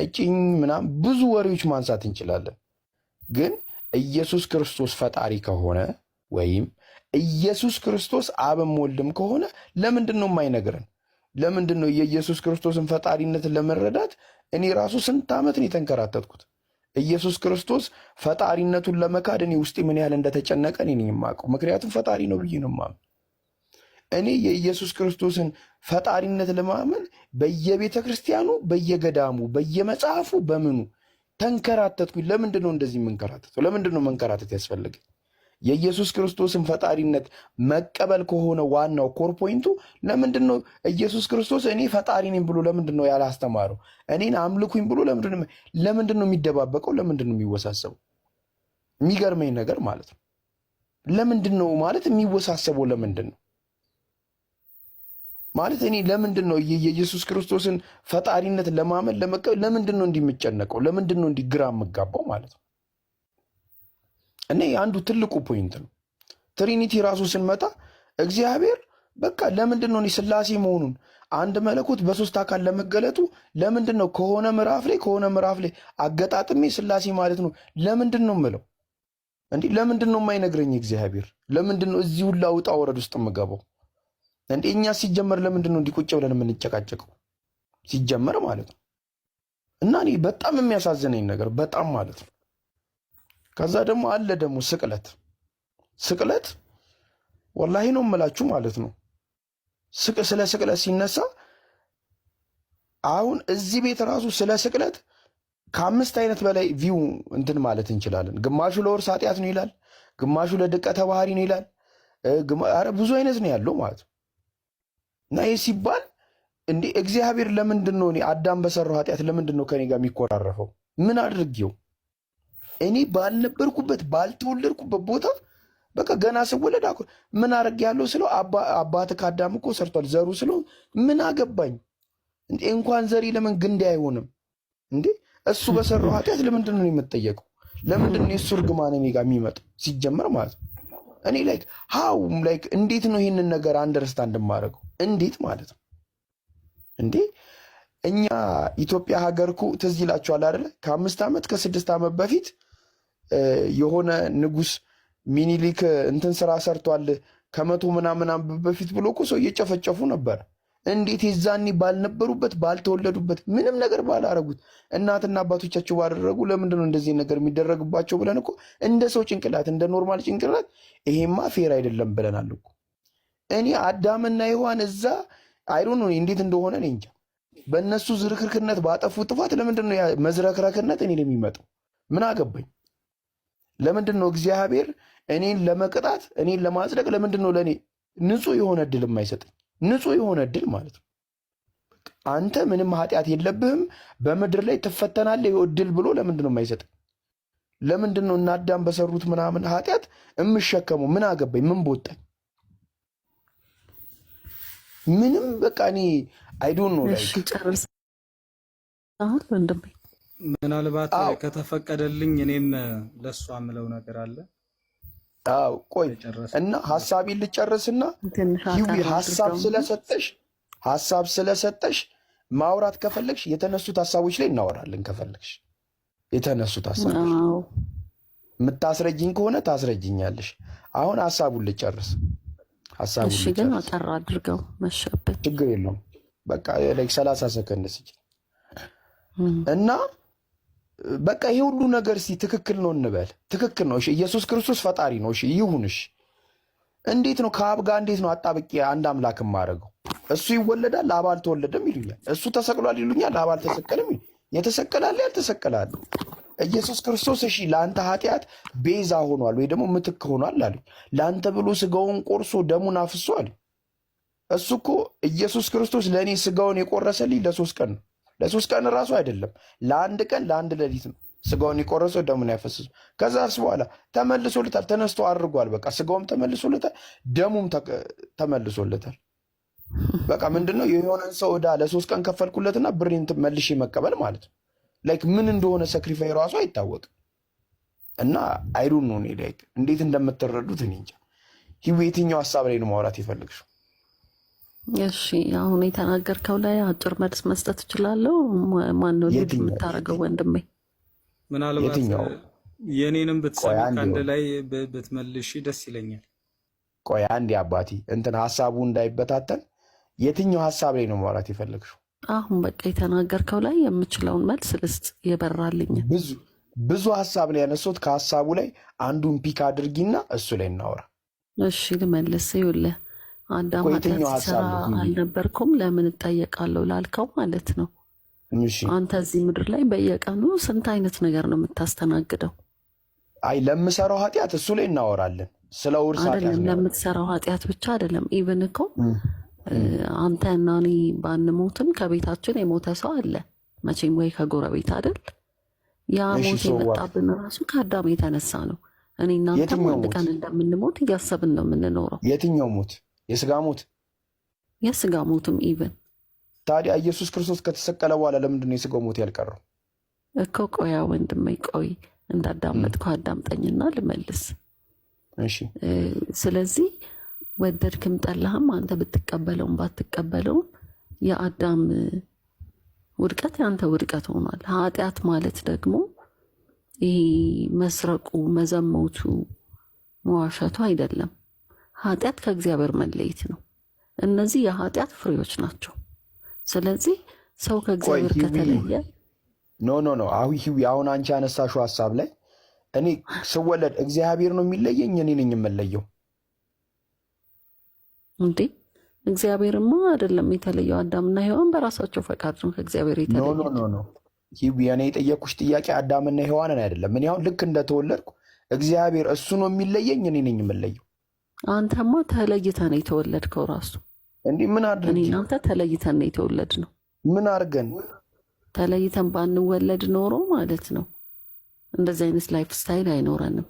ጠጭኝ ምናምን ብዙ ወሬዎች ማንሳት እንችላለን። ግን ኢየሱስ ክርስቶስ ፈጣሪ ከሆነ ወይም ኢየሱስ ክርስቶስ አብም ወልድም ከሆነ ለምንድን ነው የማይነግረን? ለምንድን ነው የኢየሱስ ክርስቶስን ፈጣሪነት ለመረዳት እኔ ራሱ ስንት ዓመት ነው የተንከራተትኩት? ኢየሱስ ክርስቶስ ፈጣሪነቱን ለመካድ እኔ ውስጤ ምን ያህል እንደተጨነቀ እኔ የማውቀው። ምክንያቱም ፈጣሪ ነው ብዬ ነው የማምን። እኔ የኢየሱስ ክርስቶስን ፈጣሪነት ለማመን በየቤተ ክርስቲያኑ፣ በየገዳሙ፣ በየመጽሐፉ በምኑ ተንከራተትኩኝ። ለምንድን ነው እንደዚህ የምንከራተተው? ለምንድን ነው መንከራተት ያስፈልገኝ? የኢየሱስ ክርስቶስን ፈጣሪነት መቀበል ከሆነ ዋናው ኮር ፖይንቱ ለምንድን ነው ኢየሱስ ክርስቶስ እኔ ፈጣሪ ነኝ ብሎ ለምንድን ነው ያላስተማረው? እኔን አምልኩኝ ብሎ ለምንድን ነው የሚደባበቀው? ለምንድን ነው የሚወሳሰበው? የሚገርመኝ ነገር ማለት ነው ለምንድን ነው ማለት የሚወሳሰበው ለምንድን ነው ማለት እኔ ለምንድን ነው የኢየሱስ ክርስቶስን ፈጣሪነት ለማመን ለመቀበል ለምንድን ነው እንዲምጨነቀው? ለምንድን ነው እንዲግራ የምጋባው ማለት ነው። እኔ አንዱ ትልቁ ፖይንት ነው። ትሪኒቲ ራሱ ስንመጣ እግዚአብሔር በቃ ለምንድን ነው እኔ ስላሴ መሆኑን አንድ መለኮት በሶስት አካል ለመገለጡ ለምንድን ነው ከሆነ ምዕራፍ ላይ ከሆነ ምዕራፍ ላይ አገጣጥሜ ስላሴ ማለት ነው ለምንድን ነው ምለው እንዲህ ለምንድን ነው የማይነግረኝ እግዚአብሔር? ለምንድን ነው እዚህ ሁላ ውጣ ወረድ ውስጥ የምገባው? እንዴ እኛ ሲጀመር ለምንድን ነው እንዲህ ብለን የምንጨቃጨቀው? ሲጀመር ማለት ነው። እና እኔ በጣም የሚያሳዝነኝ ነገር በጣም ማለት ነው። ከዛ ደግሞ አለ ደግሞ ስቅለት ስቅለት ወላሂ ነው የምላችሁ ማለት ነው። ስለ ስቅለት ሲነሳ አሁን እዚህ ቤት ራሱ ስለ ስቅለት ከአምስት አይነት በላይ ቪው እንትን ማለት እንችላለን። ግማሹ ለወርስ ኃጢአት ነው ይላል፣ ግማሹ ለድቀተ ባህሪ ነው ይላል። ብዙ አይነት ነው ያለው ማለት ነው። እና ይህ ሲባል እንዲህ እግዚአብሔር ለምንድን ነው እኔ አዳም በሰራው ኃጢአት ለምንድን ነው ከኔ ጋር የሚኮራረፈው? ምን አድርጌው? እኔ ባልነበርኩበት ባልተወለድኩበት ቦታ በቃ ገና ስወለድ ምን አድርጌ ያለው ስለው አባት ከአዳም እኮ ሰርቷል ዘሩ ስለው ምን አገባኝ እንኳን ዘሪ ለምን ግንዴ አይሆንም እንዴ? እሱ በሰራው ኃጢአት ለምንድን ነው የምጠየቀው? ለምንድን ነው የእሱ እርግማን እኔ ጋር የሚመጣው ሲጀመር ማለት ነው። እኔ ላይክ ሀው ላይክ እንዴት ነው ይህንን ነገር አንደርስታንድ ማድረገው? እንዴት ማለት ነው እንዴ? እኛ ኢትዮጵያ ሀገር እኮ ትዝ ይላችኋል አይደለ? ከአምስት ዓመት ከስድስት ዓመት በፊት የሆነ ንጉስ ሚኒሊክ እንትን ስራ ሰርቷል ከመቶ ምናምን በፊት ብሎ እኮ ሰው እየጨፈጨፉ ነበር። እንዴት የዛኔ ባልነበሩበት ባልተወለዱበት ምንም ነገር ባላረጉት እናትና አባቶቻቸው ባደረጉ ለምንድን ነው እንደዚህ ነገር የሚደረግባቸው? ብለን እኮ እንደ ሰው ጭንቅላት እንደ ኖርማል ጭንቅላት ይሄማ ፌር አይደለም ብለናል እኮ። እኔ አዳምና ሔዋን እዛ አይሮን እንዴት እንደሆነ እኔ እንጃ። በእነሱ ዝርክርክነት ባጠፉ ጥፋት ለምንድን ነው መዝረክረክነት እኔ የሚመጣው? ምን አገባኝ? ለምንድን ነው እግዚአብሔር እኔን ለመቅጣት እኔን ለማጽደቅ ለምንድን ነው ለእኔ ንጹህ የሆነ እድል የማይሰጠኝ? ንጹህ የሆነ እድል ማለት ነው። አንተ ምንም ኃጢአት የለብህም በምድር ላይ ትፈተናለህ እድል ብሎ ለምንድን ነው የማይሰጥ? ለምንድን ነው እናዳም በሰሩት ምናምን ኃጢአት የምሸከመው? ምን አገባኝ? ምን ቦጣኝ? ምንም በቃ እኔ አይዶን ነው ምናልባት ከተፈቀደልኝ እኔም ለእሷ ምለው ነገር አለ። ቆይ እና ሀሳቢን ልጨርስና ይዊ ሀሳብ ስለሰጠሽ ሀሳብ ስለሰጠሽ ማውራት ከፈለግሽ የተነሱት ሀሳቦች ላይ እናወራለን። ከፈለግሽ የተነሱት ሀሳቦች የምታስረጅኝ ከሆነ ታስረጅኛለሽ። አሁን ሀሳቡን ልጨርስ። ሀሳቡን ግን አጠር አድርገው መሸበት ችግር የለውም። በቃ ሰላሳ ሰከንድ ስጭ እና በቃ ይሄ ሁሉ ነገር እስኪ ትክክል ነው እንበል። ትክክል ነው፣ ኢየሱስ ክርስቶስ ፈጣሪ ነው፣ እሺ ይሁንሽ። እንዴት ነው ከአብ ጋር እንዴት ነው አጣብቂ አንድ አምላክ ማድረገው? እሱ ይወለዳል ለአብ አልተወለደም ይሉኛል፣ እሱ ተሰቅሏል ይሉኛል ለአብ አልተሰቀልም። የተሰቀላለ ያልተሰቀላለ ኢየሱስ ክርስቶስ እሺ ለአንተ ኃጢአት ቤዛ ሆኗል ወይ ደግሞ ምትክ ሆኗል አሉኝ። ለአንተ ብሎ ስጋውን ቆርሶ ደሙን አፍሶ አሉኝ። እሱ እኮ ኢየሱስ ክርስቶስ ለእኔ ስጋውን የቆረሰልኝ ለሶስት ቀን ነው ለሶስት ቀን ራሱ አይደለም፣ ለአንድ ቀን ለአንድ ሌሊት ነው። ስጋውን የቆረሰው ደሙን ያፈሰሰው። ከዛስ በኋላ ተመልሶለታል፣ ተነስቶ አድርጓል። በቃ ስጋውም ተመልሶለታል፣ ደሙም ተመልሶለታል። በቃ ምንድን ነው የሆነን ሰው ዕዳ ለሶስት ቀን ከፈልኩለትና ብሬንት መልሼ መቀበል ማለት ነው። ላይክ ምን እንደሆነ ሰክሪፋይ ራሱ አይታወቅም። እና አይዱን ነው ላይክ እንዴት እንደምትረዱት እኔ እንጃ። የትኛው ሀሳብ ላይ ነው ማውራት የፈለግሽው? እሺ አሁን የተናገርከው ላይ አጭር መልስ መስጠት እችላለሁ። ማነው ልጅ የምታደርገው ወንድሜ? ምናልባት የእኔንም ብትሰሚ ከአንድ ላይ ብትመልሽ ደስ ይለኛል። ቆይ አንዴ አባቴ እንትን ሀሳቡ እንዳይበታተን የትኛው ሀሳብ ላይ ነው ማውራት የፈለግሽው? አሁን በቃ የተናገርከው ላይ የምችለውን መልስ ልስጥ። የበራልኝን ብዙ ብዙ ሀሳብ ነው ያነሱት። ከሀሳቡ ላይ አንዱን ፒክ አድርጊና እሱ ላይ እናወራ። እሺ ልመልስ ይውልህ አዳም አልነበርኩም ለምን እጠየቃለሁ ላልከው ማለት ነው። አንተ እዚህ ምድር ላይ በየቀኑ ስንት አይነት ነገር ነው የምታስተናግደው? አይ ለምሰራው ኃጢአት እሱ ላይ እናወራለን። ስለ ውርስ አይደለም ለምትሰራው ኃጢአት ብቻ አይደለም። ኢቨን እኮ አንተ እና እኔ ባንሞትም ከቤታችን የሞተ ሰው አለ መቼም፣ ወይ ከጎረቤት አይደል? ያ ሞት የመጣብን ራሱ ከአዳም የተነሳ ነው። እኔ እናንተም አንድ ቀን እንደምንሞት እያሰብን ነው የምንኖረው። የትኛው ሞት የስጋ ሞት የስጋ ሞትም ኢቨን ታዲያ ኢየሱስ ክርስቶስ ከተሰቀለ በኋላ ለምንድን ነው የስጋው ሞት ያልቀረው? እኮ ቆያ ወንድሜ ቆይ እንዳዳመጥከው አዳምጠኝና ልመልስ። ስለዚህ ወደድክም ጠላህም አንተ ብትቀበለውም ባትቀበለውም የአዳም ውድቀት ያንተ ውድቀት ሆኗል። ኃጢአት ማለት ደግሞ ይሄ መስረቁ፣ መዘመቱ፣ መዋሸቱ አይደለም። ኃጢአት ከእግዚአብሔር መለየት ነው። እነዚህ የኃጢአት ፍሬዎች ናቸው። ስለዚህ ሰው ከእግዚአብሔር ከተለየ ኖ ኖ ኖ አዊ አሁን አንቺ አነሳሽው ሀሳብ ላይ እኔ ስወለድ እግዚአብሔር ነው የሚለየኝ፣ እኔ ነኝ የምለየው እንዴ? እግዚአብሔርማ አይደለም የተለየው። አዳምና ሔዋን በራሳቸው ፈቃድ ነው ከእግዚአብሔር የተለየ ኖ ሂዊ እኔ የጠየኩሽ ጥያቄ አዳምና ሔዋንን አይደለም። እኔ አሁን ልክ እንደተወለድኩ እግዚአብሔር እሱ ነው የሚለየኝ፣ እኔ ነኝ የምለየው አንተማ ተለይተ ነው የተወለድከው። ራሱ እንዲህ ምን አድርግ አንተ ተለይተን ነው የተወለድ ነው። ምን አድርገን ተለይተን ባንወለድ ኖሮ ማለት ነው እንደዚህ አይነት ላይፍ ስታይል አይኖረንም።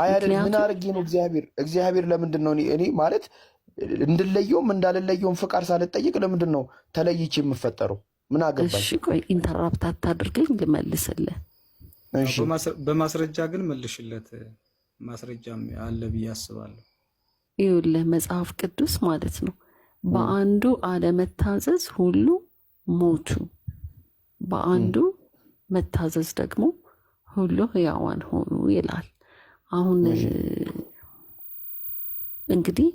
አይ ምን አድርጌ ነው እግዚአብሔር እግዚአብሔር ለምንድን ነው እኔ ማለት እንድለየውም እንዳልለየውም ፍቃድ ሳልጠይቅ ለምንድን ነው ተለይቼ የምፈጠረው? ምን አገባኝ? እሺ ቆይ ኢንተራፕት አታድርገኝ ልመልስልህ። በማስረጃ ግን መልሽለት። ማስረጃም አለ ብዬ አስባለሁ። ይኸውልህ መጽሐፍ ቅዱስ ማለት ነው። በአንዱ አለመታዘዝ ሁሉ ሞቱ፣ በአንዱ መታዘዝ ደግሞ ሁሉ ህያዋን ሆኑ ይላል። አሁን እንግዲህ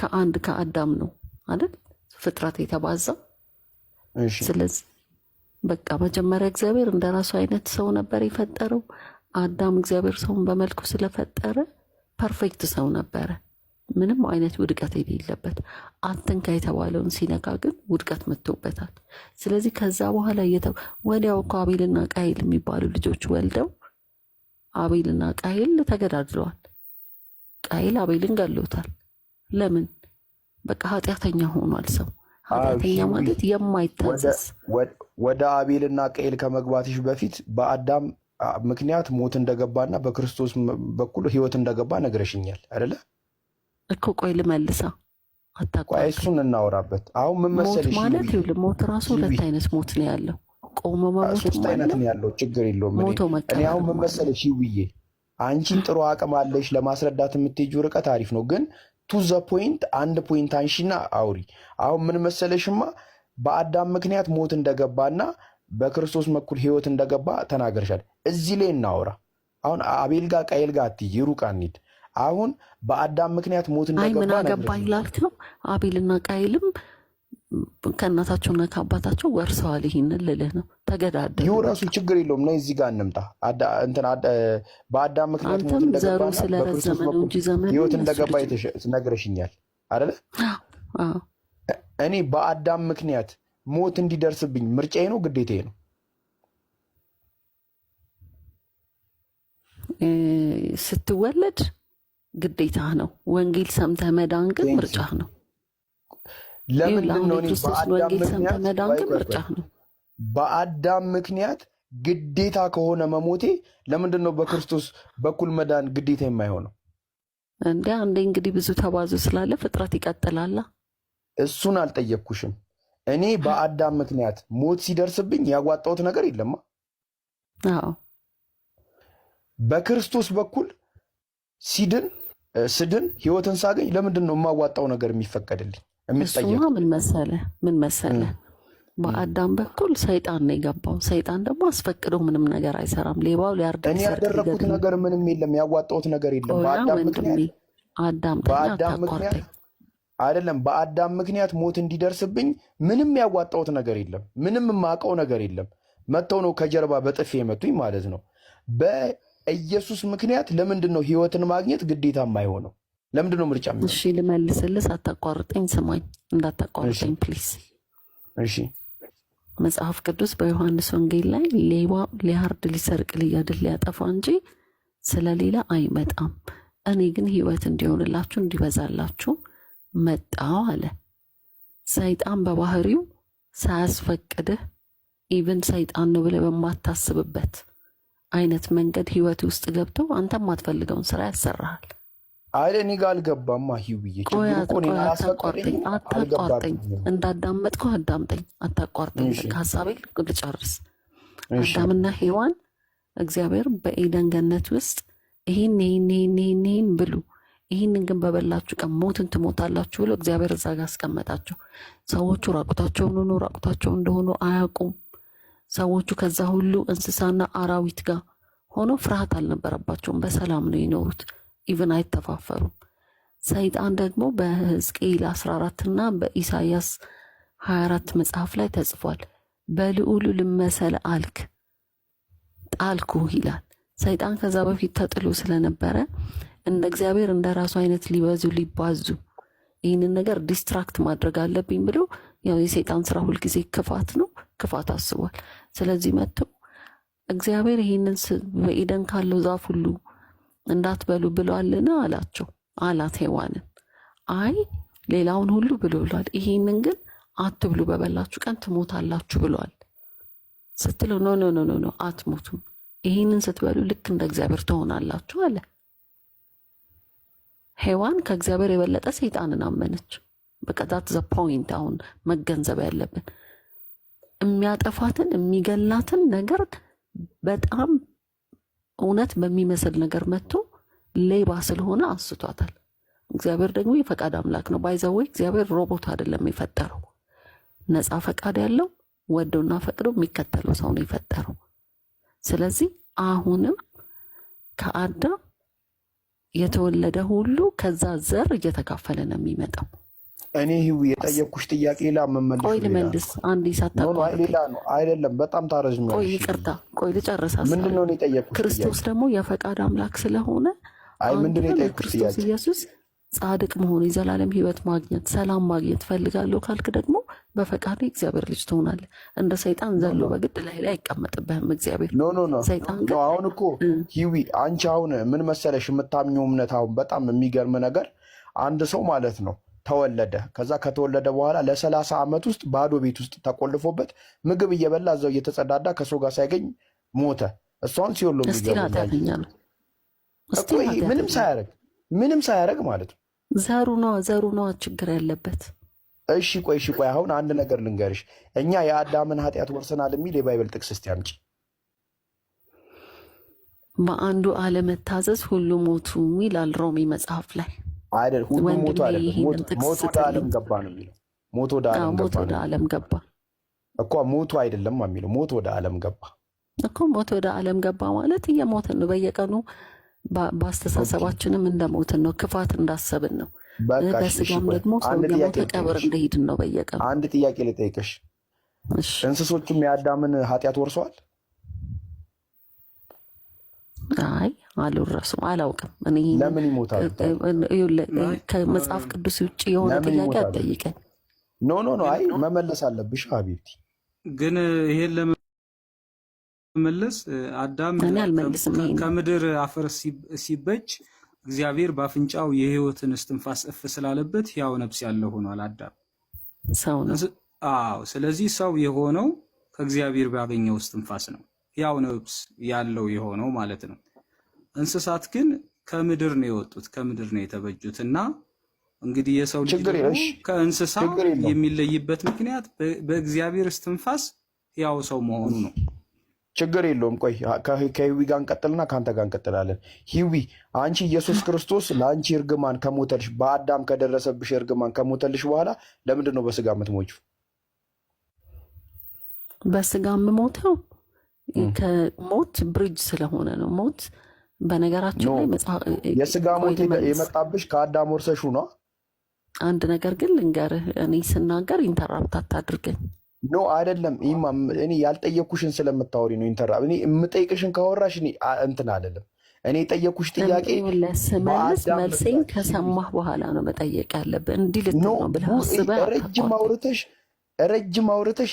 ከአንድ ከአዳም ነው አይደል ፍጥረት የተባዛ ስለዚህ በቃ መጀመሪያ እግዚአብሔር እንደ ራሱ አይነት ሰው ነበር የፈጠረው። አዳም እግዚአብሔር ሰውን በመልኩ ስለፈጠረ ፐርፌክት ሰው ነበረ። ምንም አይነት ውድቀት የሌለበት አትንካ የተባለውን ሲነካ ግን ውድቀት መጥቶበታል። ስለዚህ ከዛ በኋላ ወዲያው እኮ አቤልና ቃይል የሚባሉ ልጆች ወልደው አቤልና ቃይል ተገዳድለዋል። ቃይል አቤልን ገሎታል። ለምን? በቃ ኃጢአተኛ ሆኗል። ሰው ኃጢአተኛ ማለት የማይታዘዝ ወደ አቤልና ቃይል ከመግባትሽ በፊት በአዳም ምክንያት ሞት እንደገባና በክርስቶስ በኩል ህይወት እንደገባ ነግረሽኛል አይደለ? እኮ ቆይ ልመልሰው። አታቋይ እሱን እናወራበት። አሁን ምን መሰለሽ ማለት ይኸውልህ፣ ሞት ራሱ ሁለት አይነት ሞት ነው ያለው። ቆመ ሶስት አይነት ነው ያለው። ችግር የለውም። እኔ አሁን ምን መሰለሽ ይውዬ፣ አንቺን ጥሩ አቅም አለሽ ለማስረዳት የምትሄጂው ርቀት አሪፍ ነው፣ ግን ቱ ዘ ፖይንት አንድ ፖይንት አንሺና አውሪ። አሁን ምን መሰለሽማ በአዳም ምክንያት ሞት እንደገባና በክርስቶስ መኩል ህይወት እንደገባ ተናገርሻል። እዚህ ላይ እናውራ አሁን አቤል ጋር ቃየል ጋር አትይ፣ ሩቅ አንሂድ። አሁን በአዳም ምክንያት ሞት ምን አገባኝ ላልክ ነው። አቤልና ቃይልም ከእናታቸውና ከአባታቸው ወርሰዋል። ይህን ልልህ ነው። ተገዳደ ይሁ ራሱ ችግር የለውም። ነይ እዚህ ጋር እንምጣ። በአዳም ምክንያት ሞት እንደገባ በክርስቶስ በኩል ህይወት እንደገባ ነግረሽኛል አይደለ? እኔ በአዳም ምክንያት ሞት እንዲደርስብኝ ምርጫዬ ነው፣ ግዴታዬ ነው። ስትወለድ ግዴታ ነው። ወንጌል ሰምተህ መዳን ግን ምርጫ ነው። ነው። በአዳም ምክንያት ግዴታ ከሆነ መሞቴ ለምንድን ነው በክርስቶስ በኩል መዳን ግዴታ የማይሆነው? እንዲ አንዴ እንግዲህ ብዙ ተባዙ ስላለ ፍጥረት ይቀጥላላ። እሱን አልጠየቅኩሽም። እኔ በአዳም ምክንያት ሞት ሲደርስብኝ ያጓጣውት ነገር የለማ። አዎ በክርስቶስ በኩል ሲድን ስድን ህይወትን ሳገኝ ለምንድን ነው የማዋጣው ነገር የሚፈቀድልኝ? እሱማ ምን መሰለ ምን መሰለ በአዳም በኩል ሰይጣን ነው የገባው። ሰይጣን ደግሞ አስፈቅዶ ምንም ነገር አይሰራም። ሌባው ሊያርድ እኔ ነገር ምንም የለም፣ ያዋጣሁት ነገር የለም። በአዳም ምክንያት አይደለም፣ በአዳም ምክንያት ሞት እንዲደርስብኝ ምንም ያዋጣሁት ነገር የለም። ምንም የማውቀው ነገር የለም። መጥተው ነው ከጀርባ በጥፊ የመቱኝ ማለት ነው። ኢየሱስ ምክንያት ለምንድን ነው ህይወትን ማግኘት ግዴታ የማይሆነው? ለምንድን ነው ምርጫ? እሺ ልመልስልስ፣ አታቋርጠኝ፣ ስማኝ፣ እንዳታቋርጠኝ ፕሊስ። እሺ መጽሐፍ ቅዱስ በዮሐንስ ወንጌል ላይ ሌባ ሊያርድ፣ ሊሰርቅ፣ ልያድል ሊያጠፋ እንጂ ስለሌላ አይመጣም፣ እኔ ግን ህይወት እንዲሆንላችሁ እንዲበዛላችሁ መጣው አለ። ሰይጣን በባህሪው ሳያስፈቅድህ ኢቨን ሰይጣን ነው ብለህ በማታስብበት አይነት መንገድ ህይወት ውስጥ ገብተው አንተ የማትፈልገውን ስራ ያሰራሃል። አይ እኔ ጋር አልገባም። አዩብዬ አታቋርጠኝ፣ አዳምጠኝ፣ አታቋርጠኝ። ሀሳቤ ልጨርስ። አዳምና ሔዋን እግዚአብሔር በኤደን ገነት ውስጥ ይህን ይህን ይህን ይህን ይህን ብሉ ይህን ግን በበላችሁ ቀን ሞትን ትሞታላችሁ ብሎ እግዚአብሔር እዛ ጋር አስቀመጣቸው። ሰዎቹ ራቁታቸውን ሆኖ ራቁታቸው እንደሆኑ አያውቁም። ሰዎቹ ከዛ ሁሉ እንስሳና አራዊት ጋር ሆኖ ፍርሃት አልነበረባቸውም። በሰላም ነው የኖሩት። ኢቨን አይተፋፈሩም። ሰይጣን ደግሞ በሕዝቅኤል 14 እና በኢሳያስ 24 መጽሐፍ ላይ ተጽፏል። በልዑሉ ልመሰል አልክ ጣልኩ ይላል። ሰይጣን ከዛ በፊት ተጥሎ ስለነበረ እንደ እግዚአብሔር እንደ ራሱ አይነት ሊበዙ ሊባዙ ይህንን ነገር ዲስትራክት ማድረግ አለብኝ ብሎ ያው የሰይጣን ስራ ሁልጊዜ ክፋት ነው። ክፋት አስቧል። ስለዚህ መጥተው እግዚአብሔር ይህንን በኢደን ካለው ዛፍ ሁሉ እንዳትበሉ ብሏልን አላቸው። አላት ሔዋንን አይ ሌላውን ሁሉ ብሉ ብሏል፣ ይህንን ግን አትብሉ በበላችሁ ቀን ትሞታላችሁ ብሏል ስትለው ኖ ኖ ኖ ኖ አትሞቱም፣ ይህንን ስትበሉ ልክ እንደ እግዚአብሔር ትሆናላችሁ አለ። ሔዋን ከእግዚአብሔር የበለጠ ሰይጣንን አመነች። በቀጣት ዘ ፖይንት አሁን መገንዘብ ያለብን የሚያጠፋትን የሚገላትን ነገር በጣም እውነት በሚመስል ነገር መጥቶ ሌባ ስለሆነ አንስቷታል። እግዚአብሔር ደግሞ የፈቃድ አምላክ ነው። ባይዛዌ እግዚአብሔር ሮቦት አይደለም የፈጠረው። ነፃ ፈቃድ ያለው ወዶና ፈቅዶ የሚከተለው ሰው ነው የፈጠረው። ስለዚህ አሁንም ከአዳም የተወለደ ሁሉ ከዛ ዘር እየተካፈለ ነው የሚመጣው። እኔ ህዊ የጠየቅኩሽ ጥያቄ ሌላ መመለስ ቆይ ልመልስ አንድ ሳታ ሌላ ነው አይደለም። በጣም ታረዥ ቆይ ይቅርታ፣ ቆይ ልጨርሳ ምንድን ነው የጠየቅኩት? ክርስቶስ ደግሞ የፈቃድ አምላክ ስለሆነ አይ ምንድን ነው የጠየቅኩት? ክርስቶስ ኢየሱስ ጻድቅ መሆን የዘላለም ህይወት ማግኘት ሰላም ማግኘት ፈልጋለሁ ካልክ ደግሞ በፈቃድ እግዚአብሔር ልጅ ትሆናለህ። እንደ ሰይጣን ዘሎ በግድ ላይ ላይ አይቀመጥብህም እግዚአብሔር ኖ ኖ ኖ። ሰይጣን ግን አሁን እኮ ሂዊ አንቺ አሁን ምን መሰለሽ የምታምኘው እምነት አሁን በጣም የሚገርም ነገር አንድ ሰው ማለት ነው ተወለደ። ከዛ ከተወለደ በኋላ ለሰላሳ ዓመት ውስጥ ባዶ ቤት ውስጥ ተቆልፎበት ምግብ እየበላ እዛው እየተጸዳዳ ከሰው ጋር ሳይገኝ ሞተ። እሷን ሲወሎ ምንም ሳያረግ ምንም ሳያረግ ማለት ነው። ዘሩ ነዋ ዘሩ ነዋ ችግር ያለበት። እሺ ቆይ እሺ ቆይ አሁን አንድ ነገር ልንገርሽ፣ እኛ የአዳምን ኃጢአት ወርሰናል የሚል የባይበል ጥቅስ እስቲ አምጪ። በአንዱ አለመታዘዝ ሁሉ ሞቱ ይላል ሮሜ መጽሐፍ ላይ አይደል? ሁሉም ሞቶ አይደለም ሞት ወደ ዓለም ገባ ነው የሚለው። ሞት ወደ ዓለም ገባ እኮ ሞቱ አይደለም የሚለው ሞት ወደ ዓለም ገባ እኮ ሞት ወደ ዓለም ገባ ማለት እየሞትን ነው በየቀኑ በአስተሳሰባችንም እንደሞትን ነው። ክፋት እንዳሰብን ነው። በስጋም ደግሞ ሰው የሞተ ቀብር እንደሄድን ነው በየቀኑ። አንድ ጥያቄ ልጠይቅሽ። እንስሶቹም የአዳምን ኃጢአት ወርሰዋል? አይ አልወረሱም፣ አላውቅም። እኔ ከመጽሐፍ ቅዱስ ውጭ የሆነ ጥያቄ አጠይቀን። ኖ ኖ ኖ፣ አይ መመለስ አለብሽ ሀቢብቲ። ግን ይሄን ለመመለስ አዳም ከምድር አፈር ሲበጅ እግዚአብሔር በአፍንጫው የህይወትን እስትንፋስ እፍ ስላለበት ያው ነብስ ያለው ሆኗል። አዳም ሰው ነው። አዎ፣ ስለዚህ ሰው የሆነው ከእግዚአብሔር ባገኘው እስትንፋስ ነው። ያው ነፍስ ያለው የሆነው ማለት ነው። እንስሳት ግን ከምድር ነው የወጡት ከምድር ነው የተበጁት እና እንግዲህ የሰው ልጅ ከእንስሳ የሚለይበት ምክንያት በእግዚአብሔር እስትንፋስ ያው ሰው መሆኑ ነው። ችግር የለውም። ቆይ ከህዊ ጋር እንቀጥልና ከአንተ ጋር እንቀጥላለን። ህዊ አንቺ ኢየሱስ ክርስቶስ ለአንቺ እርግማን ከሞተልሽ በአዳም ከደረሰብሽ እርግማን ከሞተልሽ በኋላ ለምንድን ነው በስጋ የምትሞችው? በስጋ የምሞተው ከሞት ብሪጅ ስለሆነ ነው። ሞት በነገራችን ላይ የስጋ ሞት የመጣብሽ ከአዳም ወርሰሹ ነው። አንድ ነገር ግን ልንገርህ፣ እኔ ስናገር ኢንተራፕት አታድርገኝ። ኖ አይደለም፣ ይህማ እኔ ያልጠየኩሽን ስለምታወሪ ነው። ኢንተራ እኔ የምጠይቅሽን ካወራሽ እንትን አይደለም። እኔ የጠየኩሽ ጥያቄ ስመልስ መልሴን ከሰማህ በኋላ ነው መጠየቅ ያለብህ። እንዲህ ልት ነው ብለህ አስበህ ረጅም አውርተሽ ረጅም አውርተሽ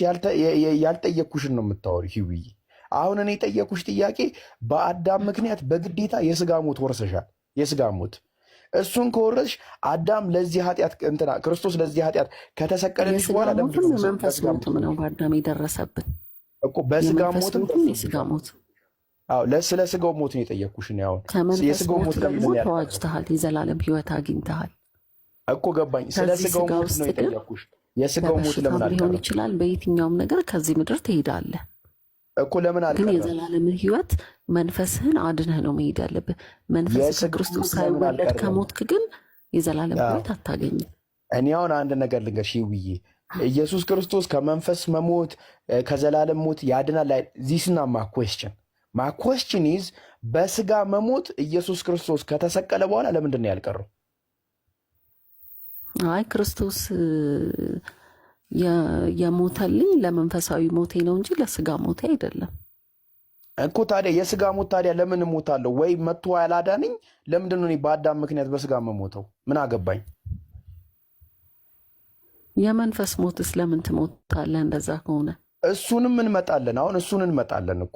ያልጠየኩሽን ነው የምታወሪ ሂውይ አሁን እኔ የጠየኩሽ ጥያቄ በአዳም ምክንያት በግዴታ የስጋ ሞት ወርሰሻል። የስጋ ሞት እሱን ከወረስሽ አዳም ለዚህ ኃጢአት እንትና ክርስቶስ ለዚህ ኃጢአት ከተሰቀለልሽ በኋላ መንፈስ ሞትም ነው በአዳም የደረሰብን እኮ በስጋ ሞትም የስጋ ሞት ስለ ስጋው ሞት ነው የጠየኩሽ። አሁን የስጋው ሞት ደግሞ ተዋጅተሃል፣ የዘላለም ህይወት አግኝተሃል እኮ ገባኝ። ስለ ስጋው ሞት ነው የጠየኩሽ። የስጋው ሞት ለምን ሊሆን ይችላል? በየትኛውም ነገር ከዚህ ምድር ትሄዳለህ። እኮ ለምን አለ? ግን የዘላለም ህይወት መንፈስህን አድነህ ነው መሄድ ያለብህ። መንፈስ ክርስቶስ ሳይወለድ ከሞትክ ግን የዘላለም ህይወት አታገኝም። እኔ አሁን አንድ ነገር ልንገርሽ ውዬ፣ ኢየሱስ ክርስቶስ ከመንፈስ መሞት ከዘላለም ሞት ያድናል። ዚስና ማኮስችን ማኮስችን ይዝ በስጋ መሞት ኢየሱስ ክርስቶስ ከተሰቀለ በኋላ ለምንድን ነው ያልቀረው? አይ ክርስቶስ የሞተልኝ ለመንፈሳዊ ሞቴ ነው እንጂ ለስጋ ሞቴ አይደለም እኮ። ታዲያ የስጋ ሞት ታዲያ ለምን እሞታለሁ? ወይ መጥቶ ያላዳንኝ ለምንድን ነው በአዳም ምክንያት በስጋ መሞተው? ምን አገባኝ? የመንፈስ ሞትስ ለምን ትሞታለህ? እንደዛ ከሆነ እሱንም እንመጣለን። አሁን እሱን እንመጣለን እኮ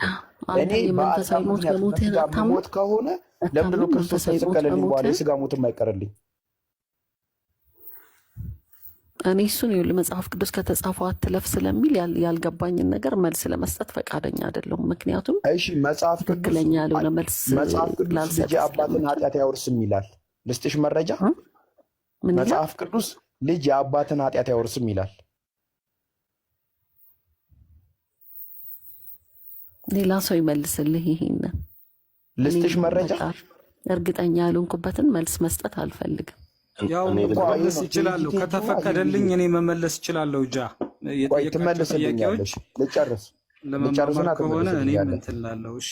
እኔ በአዳም ምክንያት በስጋ መሞት ከሆነ ለምንድን ነው ክርስቶስ ተሰቀለልኝ በኋላ የስጋ ሞት የማይቀርልኝ? እኔ እሱን ይኸውልህ መጽሐፍ ቅዱስ ከተጻፈው አትለፍ ስለሚል ያልገባኝን ነገር መልስ ለመስጠት ፈቃደኛ አይደለሁም። ምክንያቱም መጽሐፍ ትክክለኛ ያልሆነ መልስ መጽሐፍ ቅዱስ ልጅ አባትን ኃጢአት አያወርስም ይላል። ልስጥሽ መረጃ መጽሐፍ ቅዱስ ልጅ የአባትን ኃጢአት አያወርስም ይላል። ሌላ ሰው ይመልስልህ ይሄንን። ልስጥሽ መረጃ እርግጠኛ ያልሆንኩበትን መልስ መስጠት አልፈልግም። ያው መመለስ ይችላሉ። ከተፈቀደልኝ እኔ መመለስ እችላለሁ። ጃ የጠየቃቸው ልጨርስ ለመማማር ከሆነ እኔ ምንትላለው። እሺ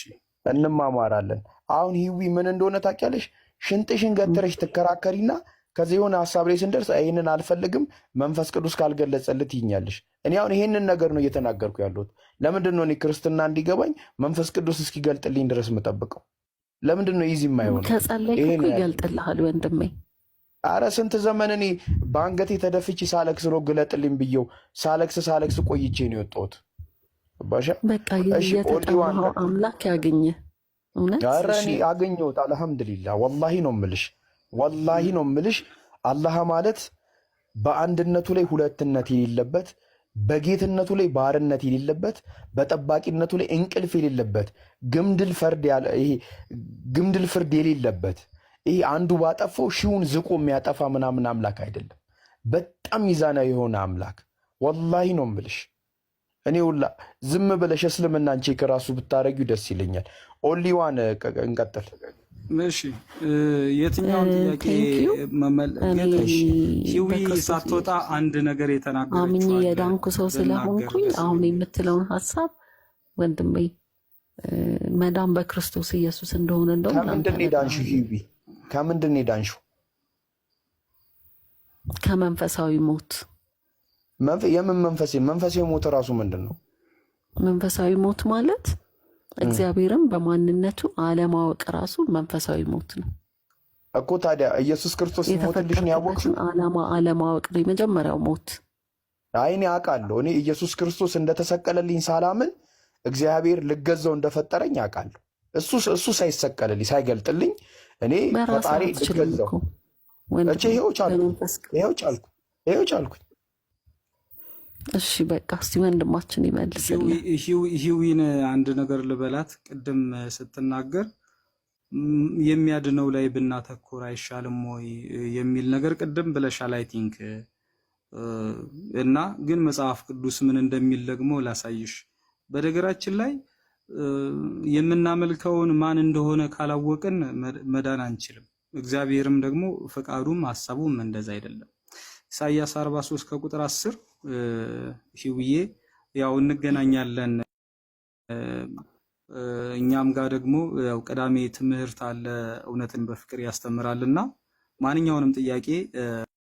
እንማማራለን። አሁን ሂዊ ምን እንደሆነ ታውቂያለሽ። ሽንጥሽን ገትረሽ ትከራከሪና ከዚህ የሆነ ሀሳብ ላይ ስንደርስ ይህንን አልፈልግም መንፈስ ቅዱስ ካልገለጸልት ይኛለሽ። እኔ አሁን ይህንን ነገር ነው እየተናገርኩ ያለሁት። ለምንድን ነው እኔ ክርስትና እንዲገባኝ መንፈስ ቅዱስ እስኪገልጥልኝ ድረስ የምጠብቀው? ለምንድን ነው ይዚ የማይሆነ ከጸለይ ይገልጥልሃል ወንድሜ አረ ስንት ዘመን እኔ በአንገቴ ተደፍቼ ሳለክስ ነው ግለጥልኝ ብየው ሳለክስ ሳለክስ ቆይቼ ነው የወጣሁት። በቃ የተጠማኸው አምላክ ያገኘ እውነት አገኘሁት። አልሐምዱሊላህ ወላሂ ነው ምልሽ፣ ወላሂ ነው ምልሽ። አላህ ማለት በአንድነቱ ላይ ሁለትነት የሌለበት በጌትነቱ ላይ ባርነት የሌለበት በጠባቂነቱ ላይ እንቅልፍ የሌለበት ግምድል ፍርድ የሌለበት ይሄ አንዱ ባጠፈው ሺውን ዝቆ የሚያጠፋ ምናምን አምላክ አይደለም። በጣም ሚዛናዊ የሆነ አምላክ ወላሂ ነው ምልሽ። እኔ ሁላ ዝም ብለሽ እስልምና ቼክ ከራሱ ብታረጊው ደስ ይለኛል። ኦንሊዋን እንቀጥል። እሺ የትኛውን ጥያቄ መመለስ ሳትወጣ አንድ ነገር የተናገረችው አምኜ የዳንኩ ሰው ስለሆንኩኝ አሁን የምትለውን ሀሳብ ወንድሜ መዳም በክርስቶስ ኢየሱስ እንደሆነ እንደው ከምንድን ነው ሂዊ ከምንድን ዳንሹ? ከመንፈሳዊ ሞት። የምን መንፈስ? መንፈሳዊ ሞት እራሱ ምንድን ነው? መንፈሳዊ ሞት ማለት እግዚአብሔርን በማንነቱ አለማወቅ ራሱ መንፈሳዊ ሞት ነው እኮ። ታዲያ ኢየሱስ ክርስቶስ ሲሞትልሽ ነው ያወቅሽው? አላማ አለማወቅ ነው የመጀመሪያው ሞት። አይ እኔ አውቃለሁ። እኔ ኢየሱስ ክርስቶስ እንደተሰቀለልኝ ሳላምን እግዚአብሔር ልገዛው እንደፈጠረኝ አውቃለሁ። እሱ ሳይሰቀልልኝ ሳይገልጥልኝ እኔ ፈጣሪ እገዛው እቼ ይኸው ቻልኩ ይኸው ቻልኩ። እሺ በቃ እስቲ ወንድማችን ይመልስልን። ሂዊን አንድ ነገር ልበላት። ቅድም ስትናገር የሚያድነው ላይ ብናተኩር አይሻልም ወይ የሚል ነገር ቅድም ብለሻል። አይ ቲንክ እና ግን መጽሐፍ ቅዱስ ምን እንደሚል ደግሞ ላሳይሽ በነገራችን ላይ የምናመልከውን ማን እንደሆነ ካላወቅን መዳን አንችልም። እግዚአብሔርም ደግሞ ፈቃዱም ሀሳቡም እንደዛ አይደለም። ኢሳያስ 43 ከቁጥር 10 ሂውዬ ያው እንገናኛለን እኛም ጋር ደግሞ ያው ቅዳሜ ትምህርት አለ እውነትን በፍቅር ያስተምራልና ማንኛውንም ጥያቄ